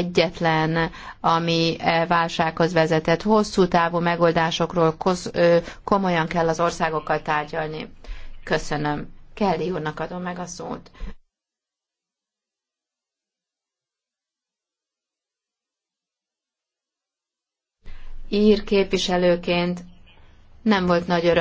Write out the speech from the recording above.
egyetlen, ami e válsághoz vezetett. Hosszú távú megoldásokról komolyan kell az országokkal tárgyalni. Köszönöm. Kelly úrnak adom meg a szót. Ír képviselőként nem volt nagy öröm